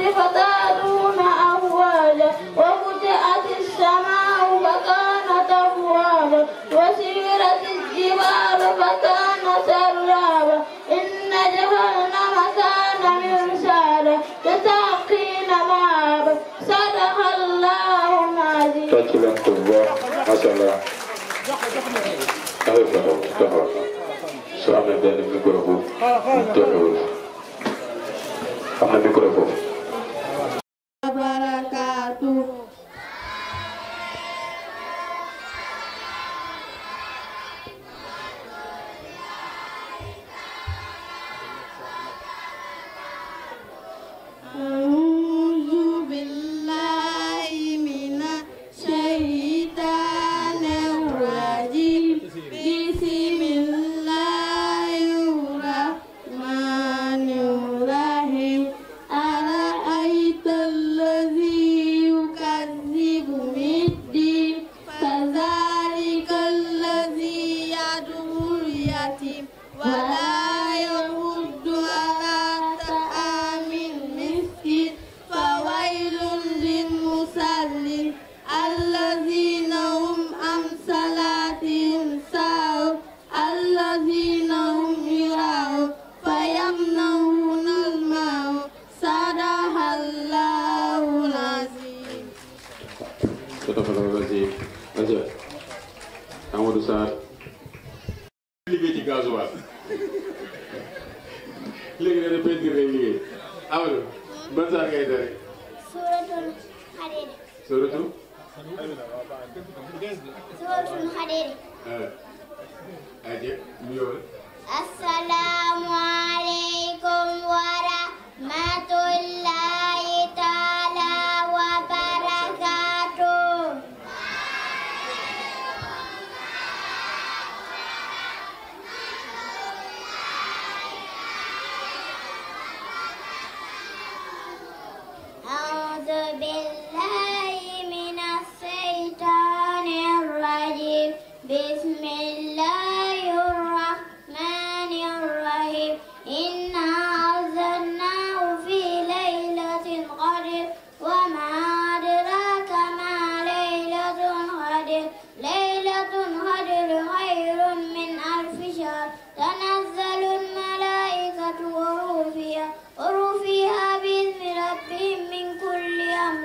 الأرض فتادون أهوالا وفتحت السماء فكانت أبوابا وسيرت الجبال فكانت سرابا إن جهنم كان مرسالا لتعقين مابا صدق الله العظيم شكرا الله حسنا أهلا وسهلا سلام عليكم ورحمة الله وبركاته am na micro foofu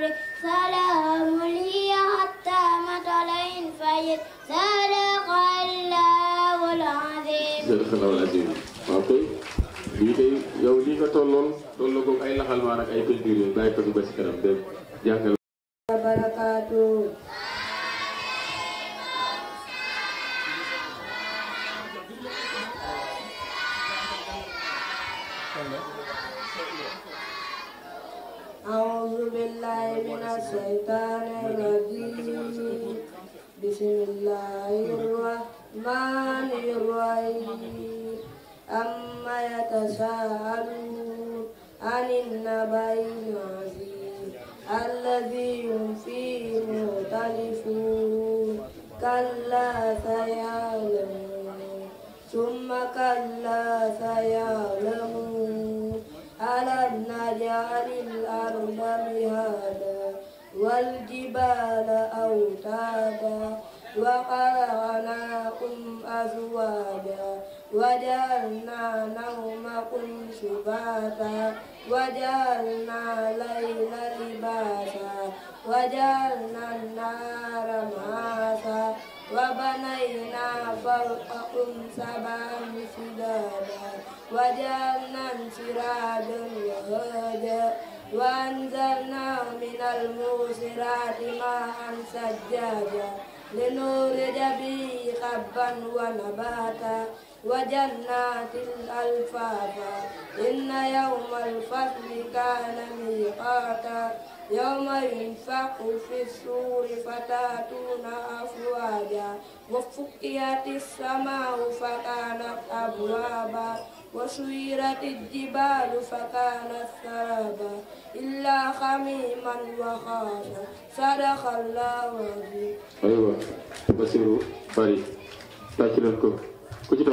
عمري سلام لي حتى مطلع الفجر صدق الله العظيم جزاك الله العظيم اوكي lii day yow lii nga tolloon tolloo ko ay laxal maan ak ay culture yooyu bàyyi ko du ba si kanam dem jàngal barakaatu بالله من الشيطان الرجيم بسم الله الرحمن الرحيم أما يتساءلون عن النبي العظيم الذي هم فيه مختلفون كلا سيعلمون ثم كلا سيعلمون على النجعل الأرض مهادا والجبال أوتادا وخلقناكم أزواجا وجعلنا نومكم سباتا وجعلنا الليل لباسا وجعلنا النار معاسا وبنينا فوقكم سبعا شدادا وجعلنا سراجا وهاجا وأنزلنا من الموسرات ماء سجادا لنورج به حبا ونباتا وجنات الألفافا إن يوم الفصل كان ميقاتا يوم ينفخ في الصور فتاتون أفواجا وفقيت السماء فكانت أبوابا وسيرت الجبال فكانت سرابا إلا خميما وخافا صدق الله العظيم أيوة بصيروا بري تاكلنكو كنت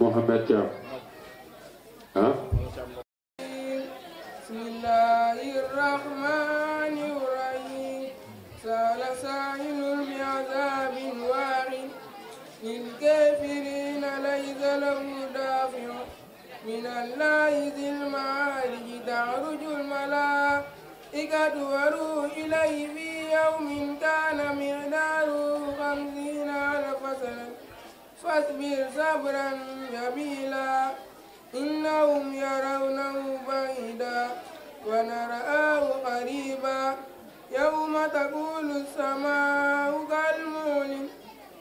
محمد جام ها الرحمن الرحيم سأل سائل بعذاب واحد للكافرين ليس له دافع من الله ذي المعارج تعرج الملائكة وروح إليه في يوم كان مقداره خمسين ألف سنة فاصبر صبرا جميلا إنهم يرونه بعيدا ونرآه قريبا يوم تقول السماء كالمول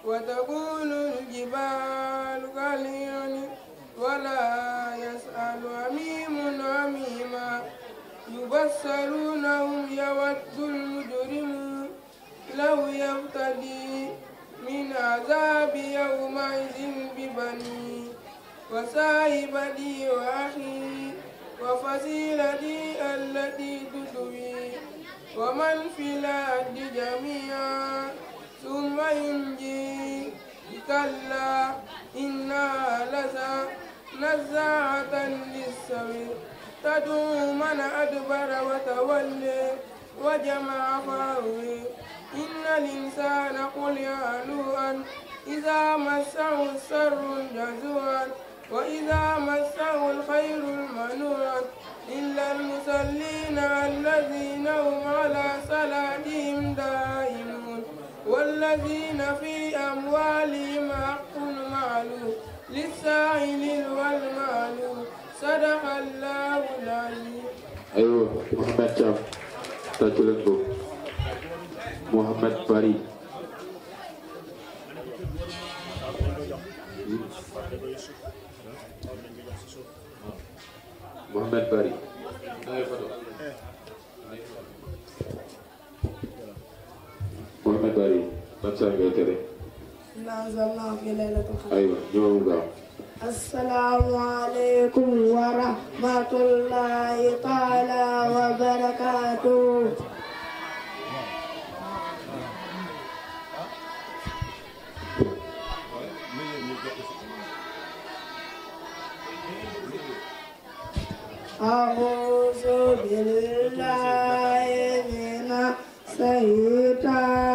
وتقول الجبال كالعين ولا يسأل أميم أميما يبصرونهم يود المجرم لو يبتدي من عذاب يومئذ ببني وصاحبتي وأخي وفصيلتي التي تدوي ومن في الأرض جميعا ثم ينجي كلا إنها لذا نزاعة للسوي تدعو من أدبر وتولي وجمع فاوي إن الإنسان قل يا لوان إذا مسه السر جزوعا وإذا مسه الخير المنوع إلا المصلين الذين هم على صلاتهم دائمون والذين في أموالهم حق معلوم للسائل والمعلوم صدق الله العليم أيوه محمد شام تجلنكم محمد فريد محمد باري محمد باري ما تسمع إيه أيوة، السلام عليكم ورحمة الله تعالى وبركاته أعوذ بالله من الشيطان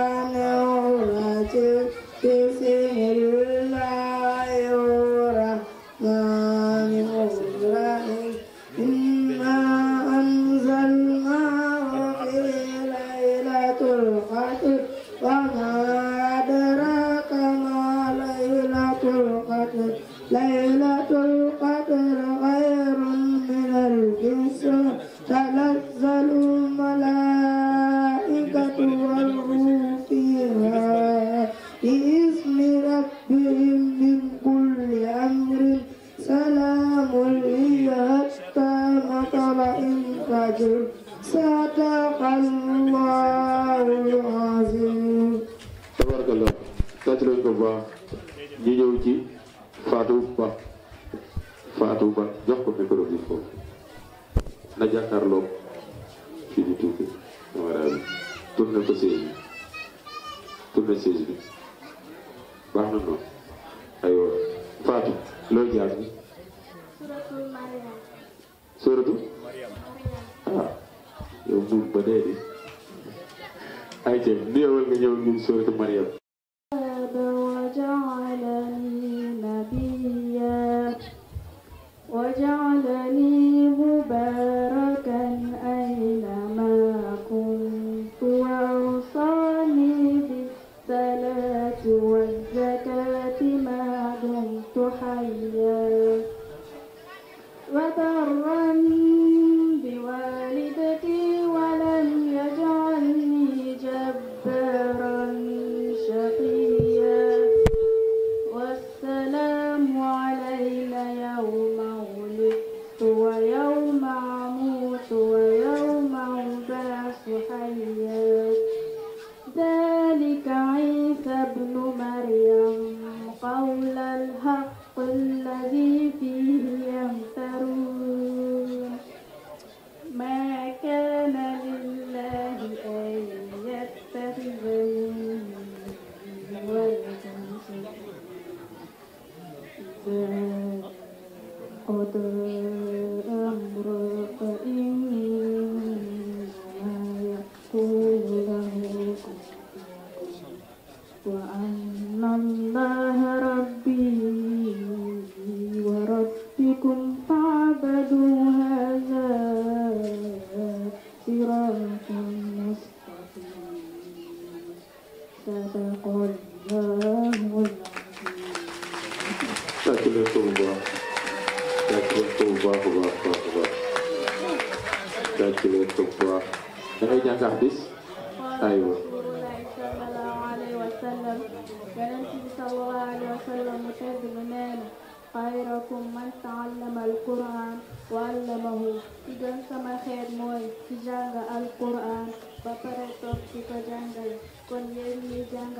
sallam yonent bi sallallahu alayhi wa sallam mu tedd man taallama alquran wa allamahu ci gën sama xeet mooy ci jàng alquran ba pare ko jàngale kon yéen ñi jàng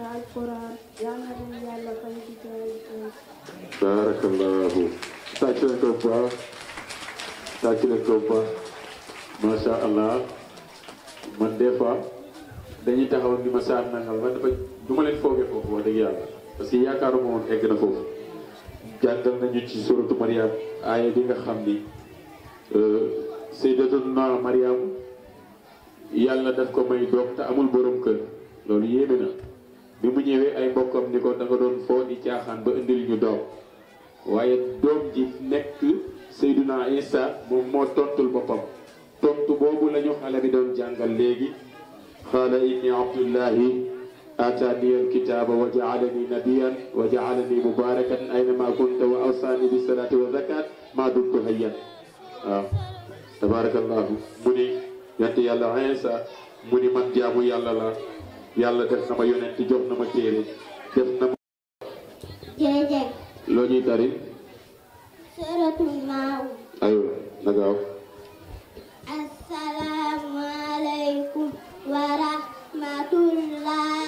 allah man des fois dañuy taxaw ni ma saar nangal ba dafa du ma leen foogee foofu wax dëgg yàlla parce que yaakaaruma woon egg na foofu jàngal nañu ci suratu Mariam aaya bi nga xam ni euh, sayyidatuna Mariam yàlla daf ko may doom te amul boroom kër loolu yéeme na bi mu ñëwee ay mbokkam ni ko da nga doon foo di caaxaan ba indil ñu doom waaye doom ji nekk Seyduna Isa moom moo tontul boppam tontu boobu la ñu xale bi doon jàngal léegi xaala inni abdullahi آتاني الكتاب وجعلني نبيا وجعلني مباركا أينما كنت وأوصاني بالصلاة والزكاة ما دمت حيا آه. تبارك الله مني ينتي يلا عيسى مني من جابو يلا لا يلا دفنا ما ينتي يونتي ما كيري دفنما لو ني تاري سورة الماو أيوة نقاو السلام عليكم ورحمة الله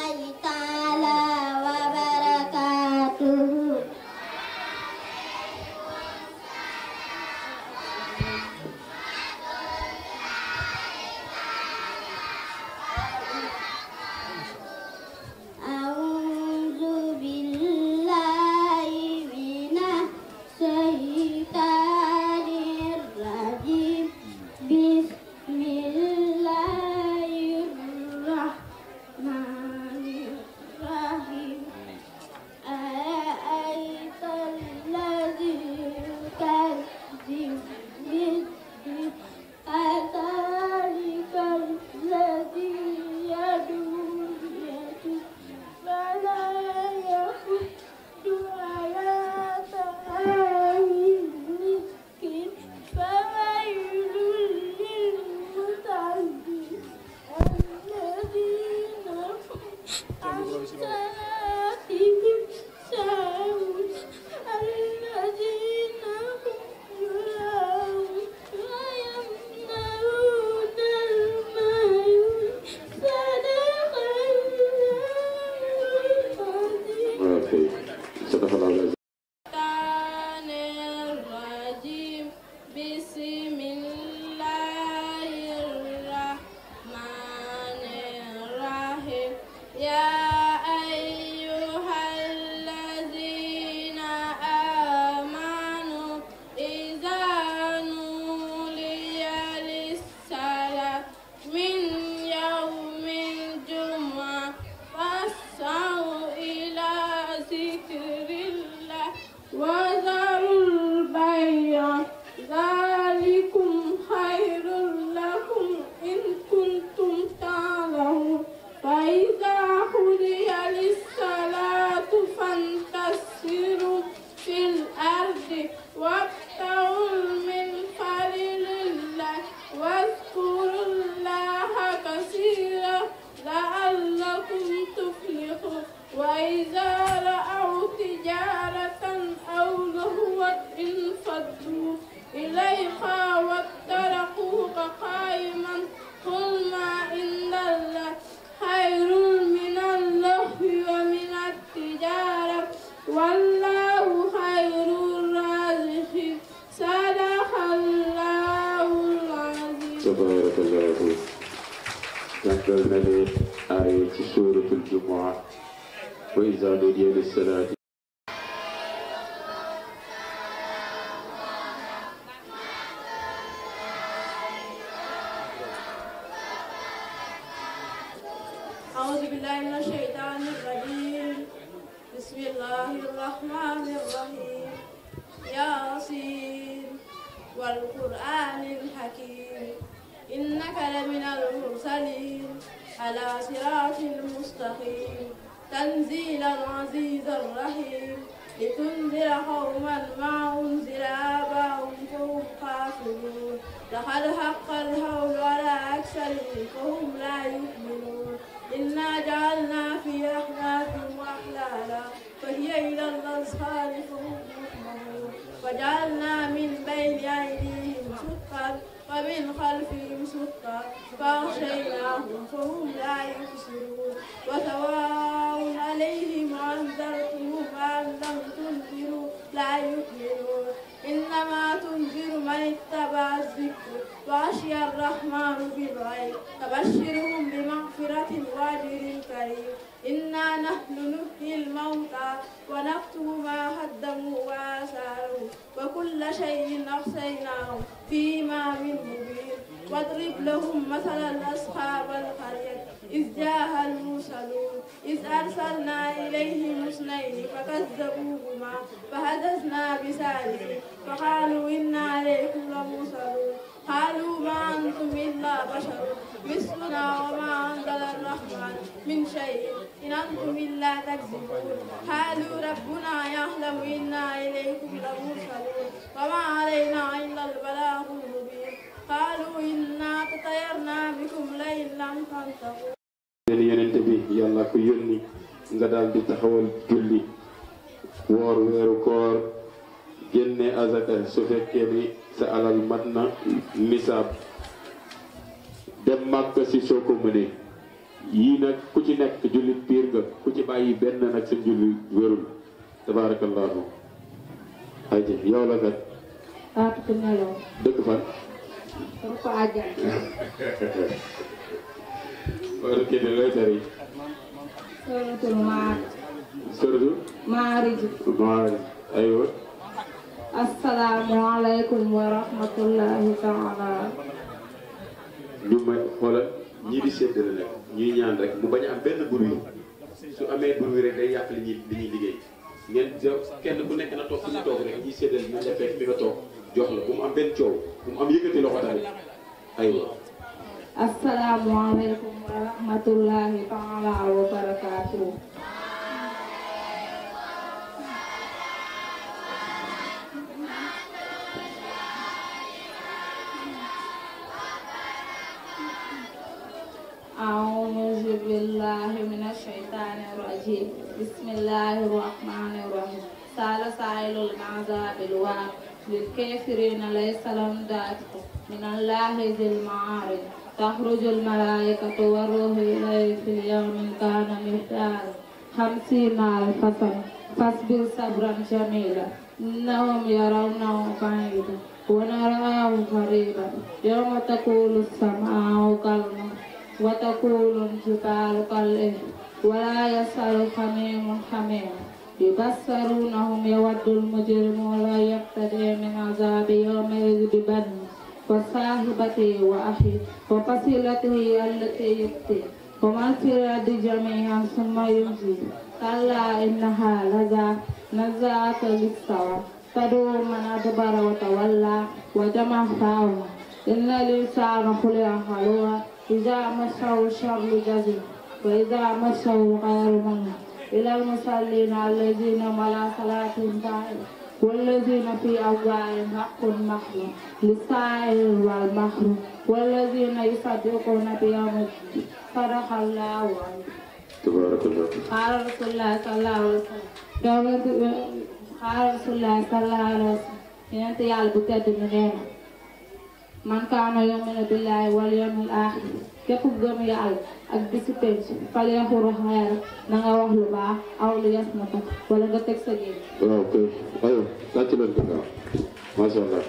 المرسلين على صراط المستقيم تنزيلا عزيزا رحيم لتنذر قوما ما أنزل اباهم فهم قاتلون لقد حق الهول على أكثرهم فهم لا يؤمنون إنا جعلنا في أحنافهم أحلالا فهي إلى الاصحاب فهم يؤمنون وجعلنا من بين أيديهم سقا ومن خلفهم سطا فأغشيناهم فهم لا يبصرون وسواء عليهم أنذرتهم أم لم تنذروا لا يؤمنون إنما تنذر من اتبع الذكر وأشي الرحمن بالغيب فبشرهم بمغفرة وأجر كريم إنا نحن نحيي الموتى ونكتب ما هدموا وآثاروا وكل شيء أحصيناه فيما من مبين واضرب لهم مثلا أصحاب القرية إذ جاءها المرسلون إذ أرسلنا إليهم اثنين فكذبوهما فهدثنا بثالث فقالوا إنا عليكم لمرسلون قالوا ما أنتم إلا بشر مثلنا وما أنزل الرحمن من شيء إن أنتم إلا تكذبون قالوا ربنا يعلم إنا إليكم لمرسلون وما علينا إلا البلاغ المبين qaalu inna leen yonente bi yàlla ko yónni nga daal di taxawal julli woor weeru koor génne azaka su fekkee ni sa alal mat na nisaab dem màkk si soo ko mënee yii nag ku ci nekk jullit piir nga ku ci bàyyi benn nag sa julli wérul tabaarakallaahu aji yow la kat dëkk fan Lupa aja. Baru kita lo cari. Suratul Mar. Suratul? Marij. Marij. Ayo. Assalamualaikum warahmatullahi taala. Ñu may xolal ñi di séddale nag ñuy ñaan rek mu bañ am benn bruit su amee bruit rek day yàq li ñuy li ñuy liggéey ngeen kenn ku nekk na toog fi toog rek ñi séddale na defee fi nga toog jox la bu mu am benn coow bu mu am yëkkati loxo daal aywa. asalaamualeykum wa rahmatulahi taala wa barakaatu. أعوذ بالله من الشيطان الرجيم بسم الله الرحمن الرحيم سال سائل العذاب الواقع للكافرين ليس لهم دافع من الله ذي المعارج تخرج الملائكة والروح إليه في اليوم كان مقداره خمسين ألف سنة فاصبر صبرا جميلا إنهم يرونه بعيدا ونراه قريبا يوم تقول السماء كالمهل وتقول الجبال كالإهل ولا يسأل حميم حميما يبصرونهم يود المجرم ولا يقتدي من عذاب يوم ببنه وصاحبته وأخي وفصيلته التي يبتي وما سراد جميعا ثم يمشي كلا إنها لذا نزعة للسوى تدعو من أدبر وتولى وجمع فاوى إن الإنسان خلق هلوعا إذا مسه الشر جزيل وإذا مسه غير منه إلى المصلين الذين ملا صلاتهم دائما والذين في أموالهم حق محروم للسائل والمحروم والذين يصدقون بيوم الدين صدق الله تبارك الله قال رسول الله صلى الله عليه وسلم قال رسول الله صلى الله عليه وسلم ينت يالبتد من man kaana yuminu billahi wal yawmil akhir képp ku gëm yàlla ak bisu penc fal yaqul xayr na nga wax lu baax aw lu yas na ko wala nga tek sa waaw ko ay la ci ko ma sha allah.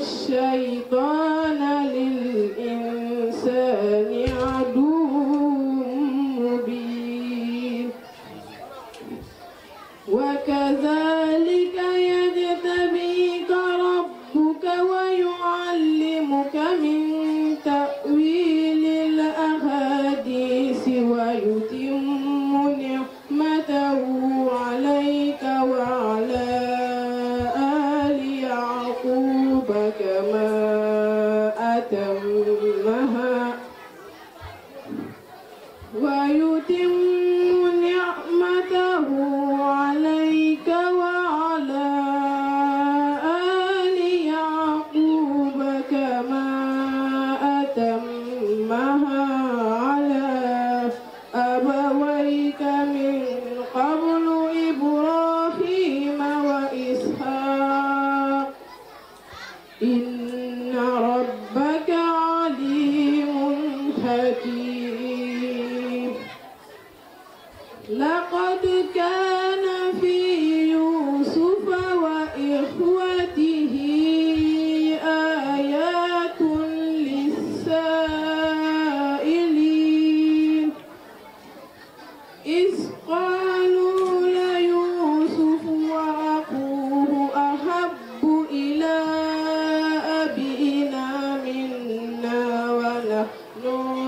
cheio 哟。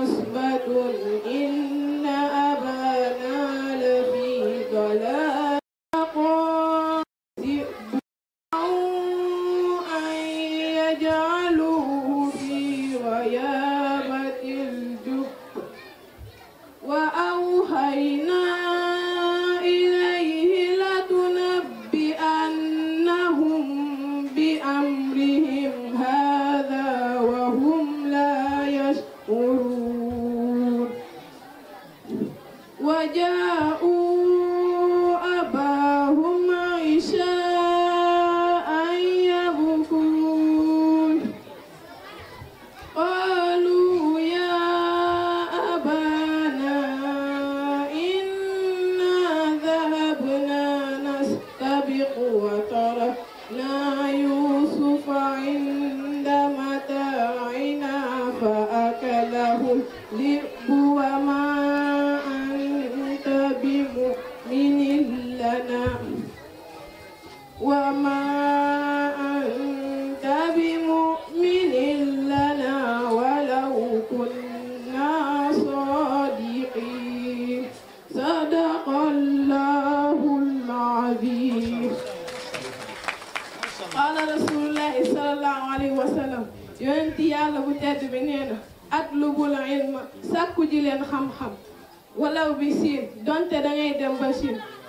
Don't donte da ngay dem ba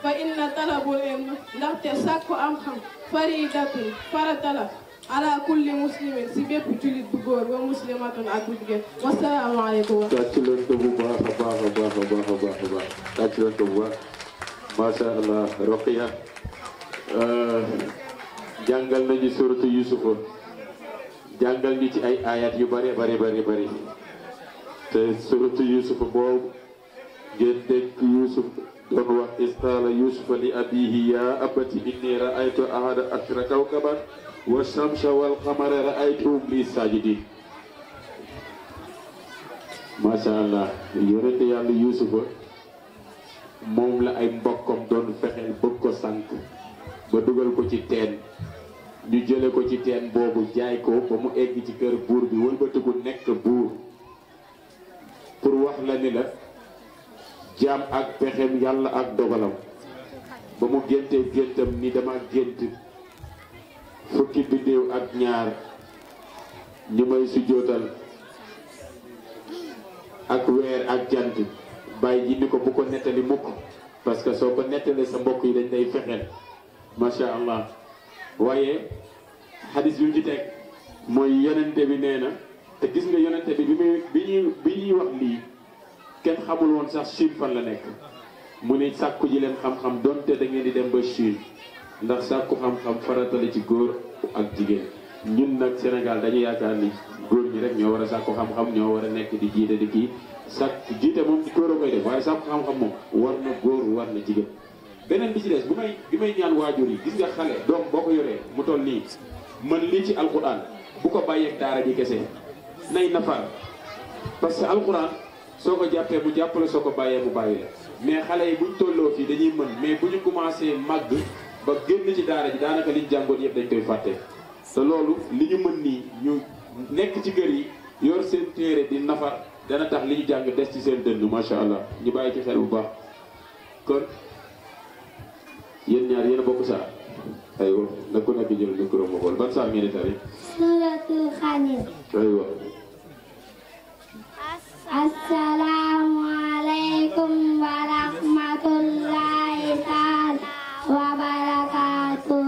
fa inna talabul ilm ndaxte sakku am xam faridatun faratala ala kulli muslimin si bepp julit bu góor wa muslimatun ak bu jigéen wasalaamaaleykum wa tàcc leen ko bu baax a baax a baax allah euh, nañu suratu yusufa jàngal ci ay ayat yu bari bari bari, bare te suratu ngeen dénk Yuusuf doon wax istaala Yuusufa li abihi yaa abati inni raaytu ahada ashra kawkaban wa shamsa wal qamara raaytuhum li sajidin macha allah yonente yàlla Yuusufa moom la ay mbokkam doon fexeel bëgg ko sànq ba dugal ko ci teen ñu jaay ko ba mu egg ci bi pour wax la ni la jaam ak pexem yàlla ak dogalam ba mu géntee géntam ni dama gént fukki biddéew ak ñaar ñu may si ak weer ak jant bàyyi ji ni ko bu ko nettali mukk parce que soo ko nettalee sa mbokk yi dañ lay fexeel macha allah waaye xadis yu ci teg mooy yonente bi nee na te gis nga yonente bi bi ñuy bi ñuy wax lii kenn xamul woon sax Chine fan la nekk mu ni sàkku ji leen xam-xam donte da ngeen di dem ba Chine ndax sàkku xam-xam faratale ci góor ak jigéen ñun nag Sénégal dañu yaakaar ni góor ñi rek ñoo war a sàkku xam-xam ñoo war a nekk di jiite di kii sàkku jiite moom góor a koy def waaye sàkku xam-xam moom war na góor war na jigéen beneen bi ci des bu may bi may ñaan waajur yi gis nga xale doom boo ko yoree mu toll nii man lii ci alquran bu ko bàyyeeg daara ji kese nay nafar que alquran soo ko jàppee mu jàppale la soo ko bàyyee mu bàyyi la mais xale yi buñ tolloo fii dañuy mën mais bu ñu commencé màgg ba génn ci daara daanaka liñ jàngoon yëpp dañ koy fàtte sa loolu li ñu mën nii ñu nekk ci kër yi yor seen téere di nafar dana tax li ñu jàng des ci seen dënd macha allah ñu bàyyi ci xel bu baax kon yéen ñaar yéen a bokk saa aywa nag ku nekk jël micro mu xool ban saa ngeen di tari. Suuratul Xamir. aywa. Assalamualaikum warahmatullahi taala wabarakatuh.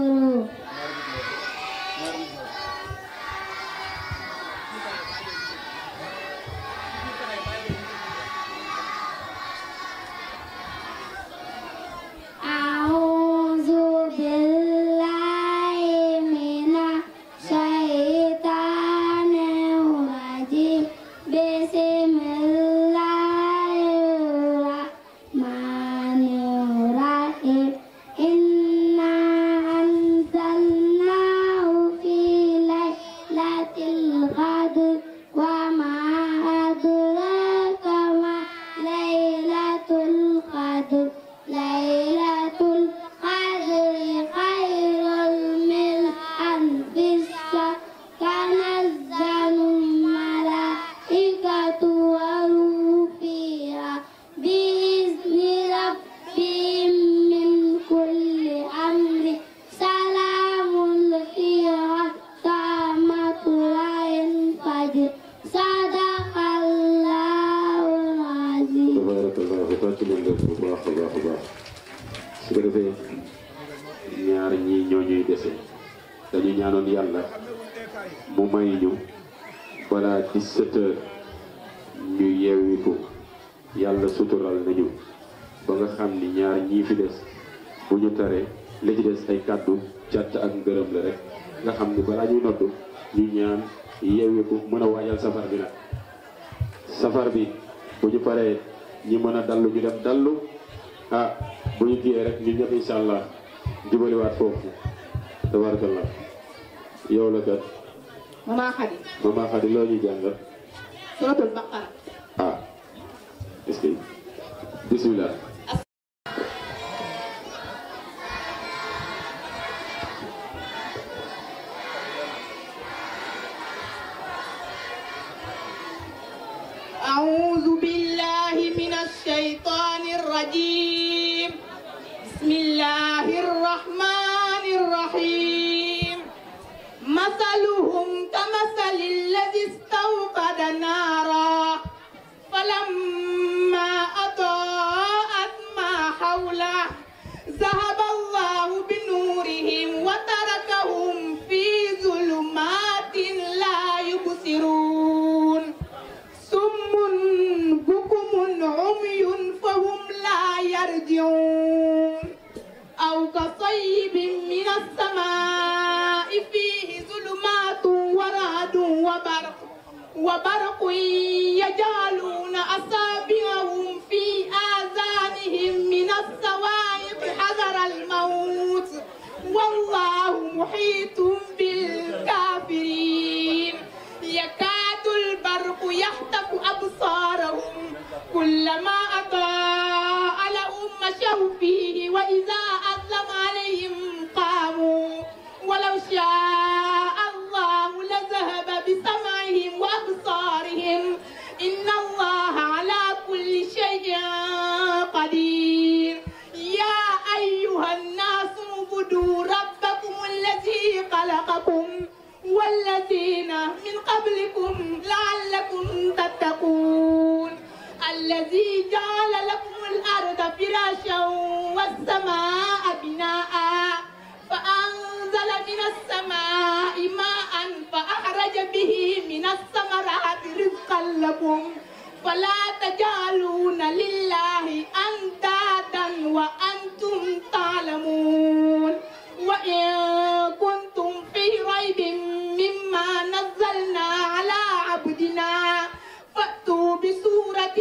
Aku jot incha allah jubaliwaat foofu tabarakallah yow la kat. mama Khady. mama Khady loo ñuy jàngal. suratul baqara. ah est-ce bismillah. أعوذ بالله من الشيطان الرجيم مثلهم كمثل الذي استوقد نارا فلما أضاءت ما حوله ذهب الله بنورهم وتركهم في ظلمات لا يبصرون سم بكم عمي فهم لا يرجعون أو كصيب من السماء وبرق يجعلون أصابعهم في آذانهم من الصواعق حذر الموت والله محيط بالكافرين يكاد البرق يحتك أبصارهم كلما أضاء لهم مشوا فيه وإذا أظلم عليهم قاموا ولو شاء الله لذهب بسمعهم وأبصارهم إن الله على كل شيء قدير يا أيها الناس اعبدوا ربكم الذي خلقكم والذين من قبلكم لعلكم تتقون الذي جعل لكم الأرض فراشا والسماء بناءً من السماء ماء فأخرج به من الثمرات رزقا لكم فلا تجعلون لله أندادا وأنتم تعلمون وإن كنتم في ريب مما نزلنا على عبدنا فأتوا بسورة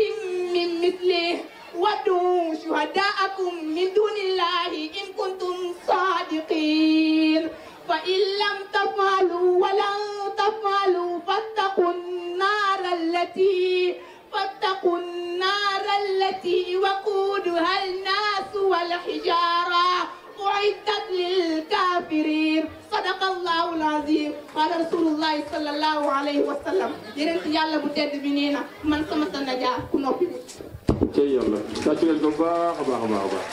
من مثله ودوا شهداءكم من دون الله إن كنتم صادقين فإن لم تفعلوا ولن تفعلوا فاتقوا النار التي فاتقوا النار التي وقودها الناس والحجارة أعدت للكافرين صدق الله العظيم قال رسول الله صلى الله عليه وسلم يرنت يالا بو تيد بنينا من سما النجاة كنوبي تي الله شكرا لكم باخ باخ باخ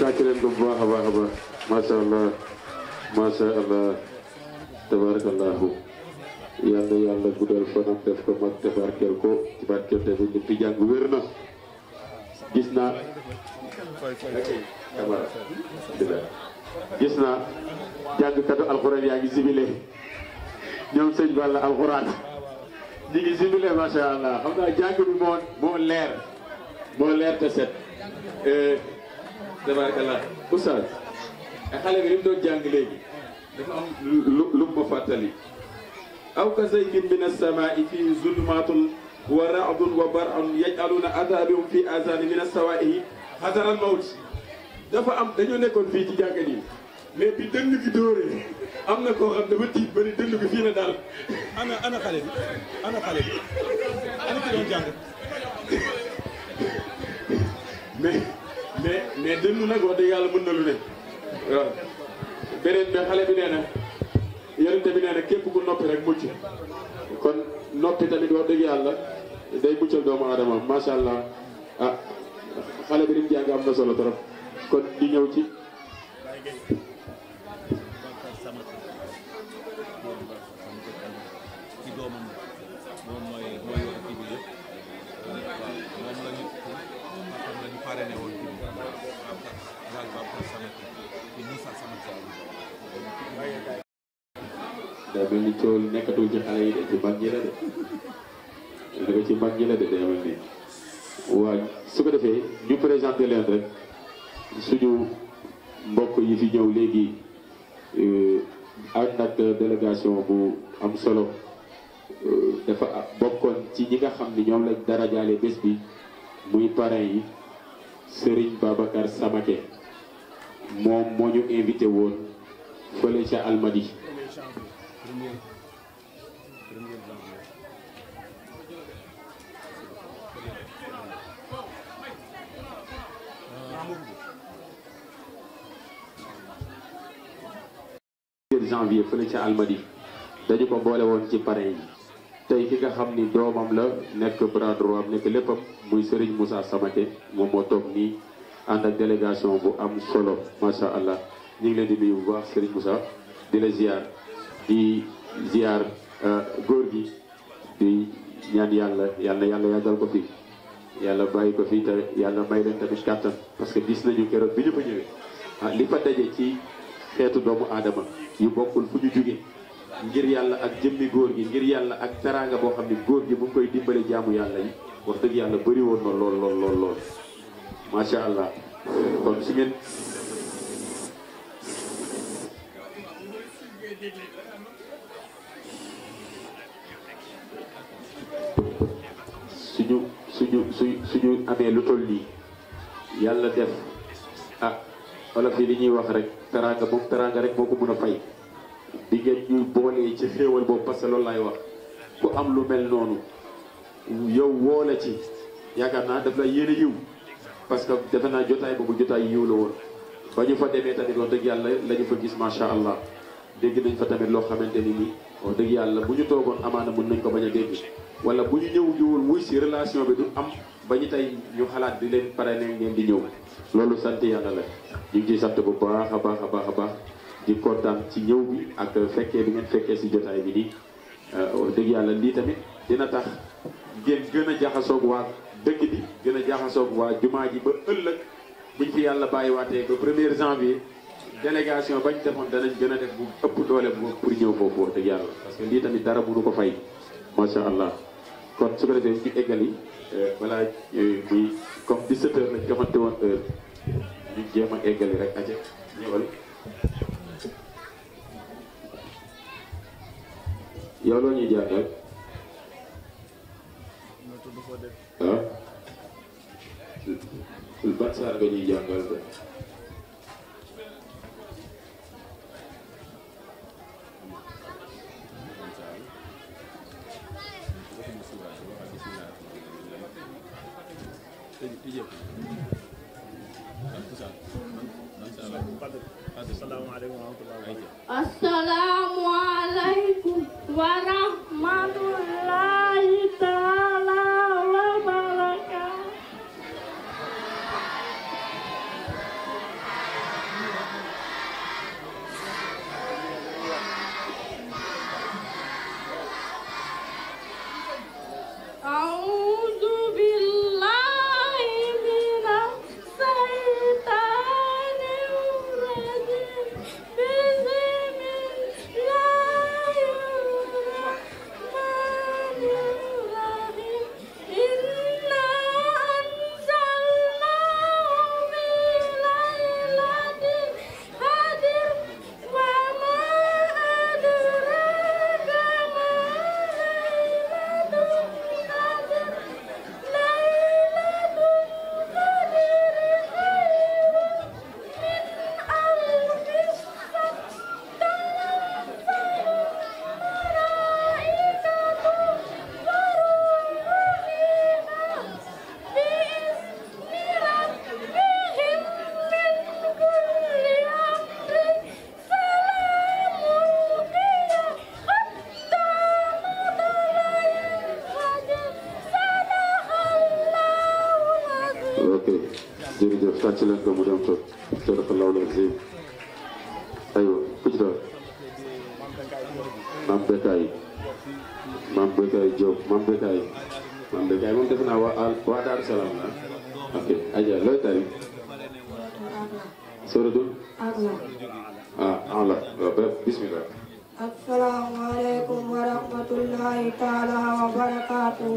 تاكلن كو باخ باخ باخ ما شاء الله macha allah tabarakallahu yàlla yàlla guddal fanam def ko mag te ko ci barkeel tamit jàng wér na gis naa camara gis naa jàngkatu alxuraan yaa ngi simile ñoom sëñ Balla alxuraan ñi ngi simile macha allah xam naa jàng bi moo leer moo leer te set eh, tabarakallah oustaz xale bi li doon jàng léegi dafa am lu lu mu fàttali aw ka zaykin min as-samaa'i fiihi zulumaatun wa ra'dun wa barqun yaj'aluuna athaabahum fii aazaanihim min as-sawaa'iqi hadara al-mawt dafa am dañoo nekkoon fii ci jàkka ji mais bi dënn gi dóoree am na koo xam dafa tiit ba ni dënn gi fii na daal. ana ana xale bi ana xale bi ana ki doon jàng. mais mais mais dënnu nag wax dëgg yàlla mën na lu ne waaw. beneen bi xale bi nee na yonente bi nee képp ku noppi rek mucc kon noppi tamit wax dëgg yàlla day muccal doomu aadama macha allah ah xale bi ni jàng am na solo trop kon di ñëw ci. mel ni coow li nekkatul ci xale yi de ci mag ñi la de ci mag la de day mel ni su ko defee ñu présenté leen rek suñu mbokk yi fi ñëw léegi euh, ak nag délégation bu am solo euh, dafa bokkoon ci ñi nga xam ni ñoom lañ darajaale bés bi muy parrain yi Serigne Babacar Samake moom moo ñu invité woon fële ca Almadi premier premier janvier. premier janvier ca Almadi dañu ko boole woon ci pare yi tey ki nga xam ni doomam la nekk bras droit nekk léppam muy Serigne sama Samake moom moo toog nii ànd ak délégation bu am solo macha allah ñu ngi leen di nuyu bu baax sëriñ Moussa di la di ziar eh, góor gi di ñaan yalla yalla yalla yagal ko fi yalla bay ko fi te yàlla may len tamit kàttan parce que gis nañu kéro biñu fa ñëwé ah, li fa dajé ci xeetu doomu adama yu bokul fuñu juggé ngir yalla ak jëmmé góor gi ngir yalla ak teraanga bo xamni ne gi mu ngi koy dimbalé jaamu yalla yi wax deug yalla bari won na lool lool lool lool sha allah kon si ngeen amee lu toll nii yàlla def ah olof yi li ñuy wax rek teraanga moom teraanga rek moo ko mën a fay di ngeen ñu boolee ci xéewal boobu parce que loolu laay wax ku am lu mel noonu yow woo la ci yaakaar naa daf lay yéene yiw parce que defe naa jotaay boobu jotaay yiw la woon ba ñu fa demee tamit wax dëgg yàlla la ñu fa gis macha allah dégg nañ fa tamit loo xamante ni nii wax dëgg yàlla bu ñu toogoon amaana mën nañ ko bañ a dégg wala bu ñu ñëw muy ci relation bi du am ba tay ñu xalaat di leen paré né ngeen di ñëw lolu sant yalla la ñu ci sant bu baaxa baaxa baaxa baax di kontaan ci ñëw bi ak fekkee bi ngeen fekkee si jotaay bi euh dëgg yalla li tamit dina tax ngeen gën a jaxasoog waa dëkk bi gëna jaxaso wa waa jumaa ji ba ëllëg buñ fi yàlla bàyyiwaatee ba premier janvier délégation bañ defon dana gëna def bu ëpp doole bu pour ñëw foofu wax dëgg yàlla parce que li tamit dara mënu ko fay macha allah kon su ko defee ñu eggali euh, balaa muy euh, comme 17 heures lañ joxante woon heure ñu jéem a eggali rek aja ñëwal yow loo ñuy jàngal waaw ban saar nga ñuy jàngal Assalamualaikum warahmatullahi taala. wàcc leen ko mu dem toog sadaqallaahu al-aziim aywa ku ci daal maam Bekkaay maam Bekkaay Diop maam Bekkaay maam Bekkaay moom defe naa waa waa Daaru Salaam la ok Adja looy tari suratul ah ala waaw bismillah assalaamu aleykum wa rahmatullaahi taala wa barakaatuh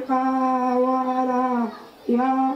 القى ولا يا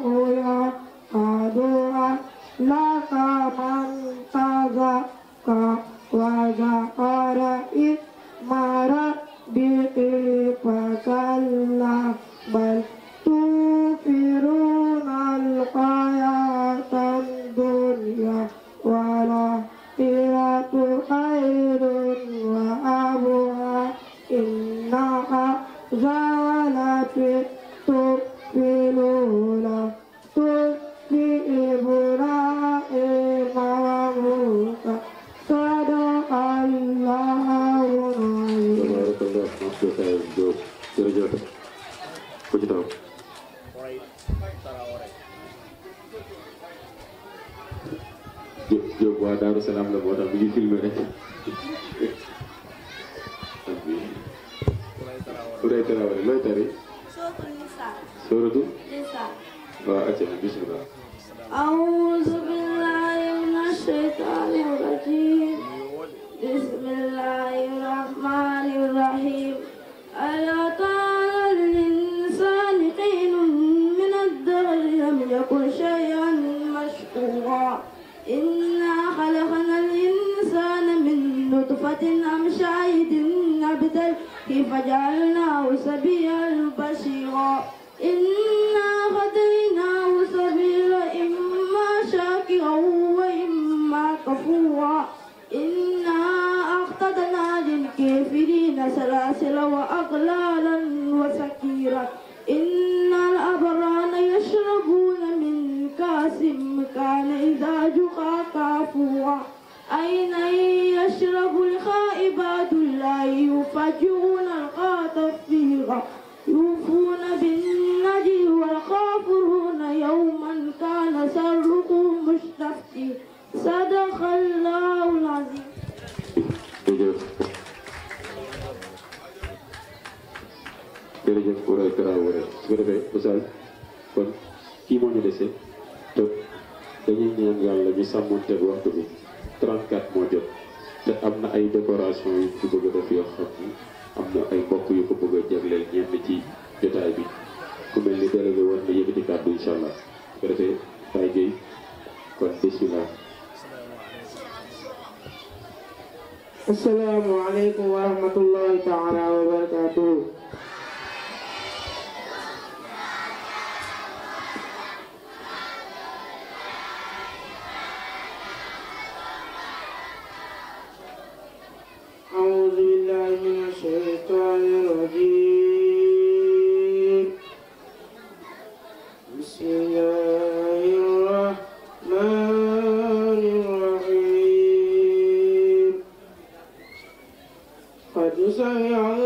是啊。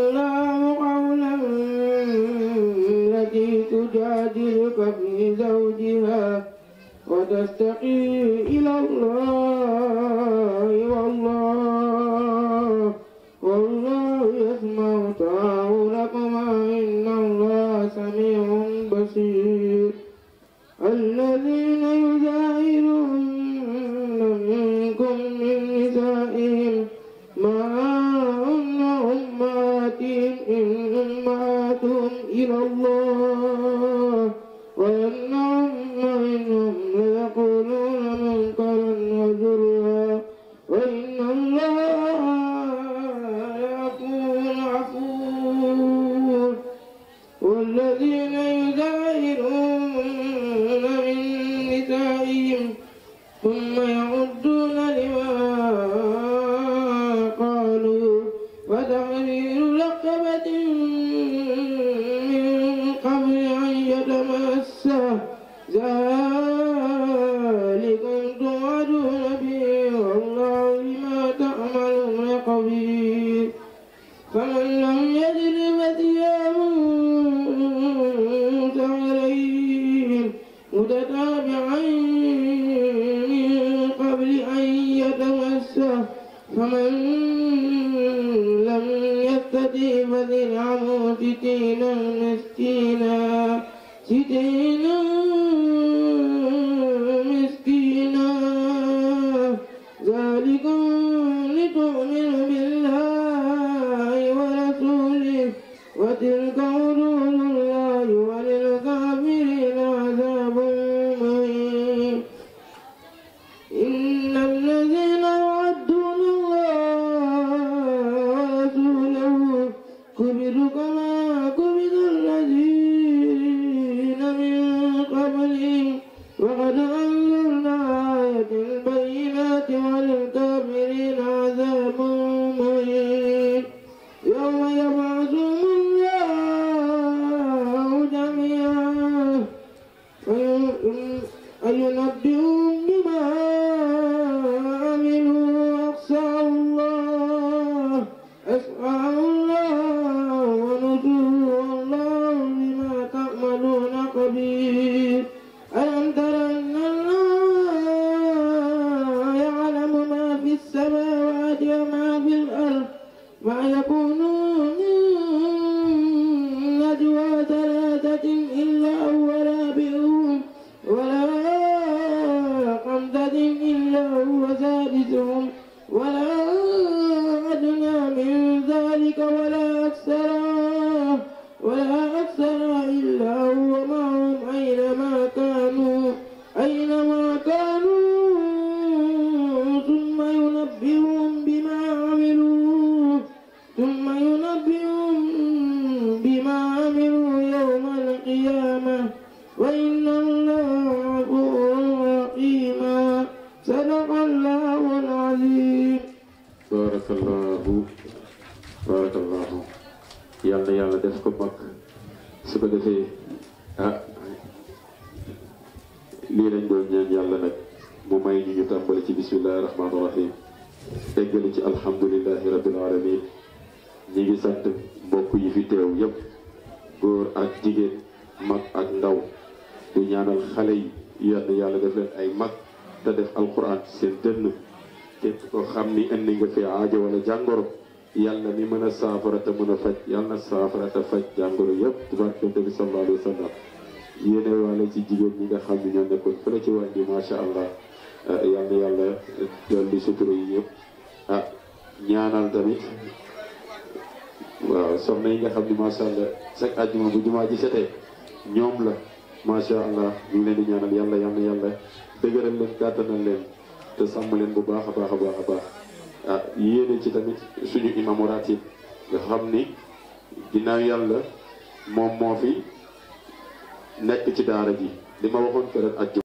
المستقيم ذي العمود دينا مسكينا سدينا saafara te mën a faj yal na saafara te faj jàngoro yëpp ci barke yonent bi sallallahu alayhi wa sallam ci jigéen ñi nga xam ne ñoo nekkoon fële ci wàññi macha allah ah, yal na yàlla dolli sutura yi yëpp ah ñaanal tamit waaw yi nga xam ne macha allah chaque àjjuma bu jumaa ñoom la macha allah ñu ngi leen di ñaanal yàlla yal na yàlla dëgëral leen kàttanal leen te sàmm leen bu baax a baax a baax a baax ah yéene ci tamit suñu imam ratib nga xam ni ginnaaw yàlla moom moo fi nekk ci daara ji li ma waxoon keroog ak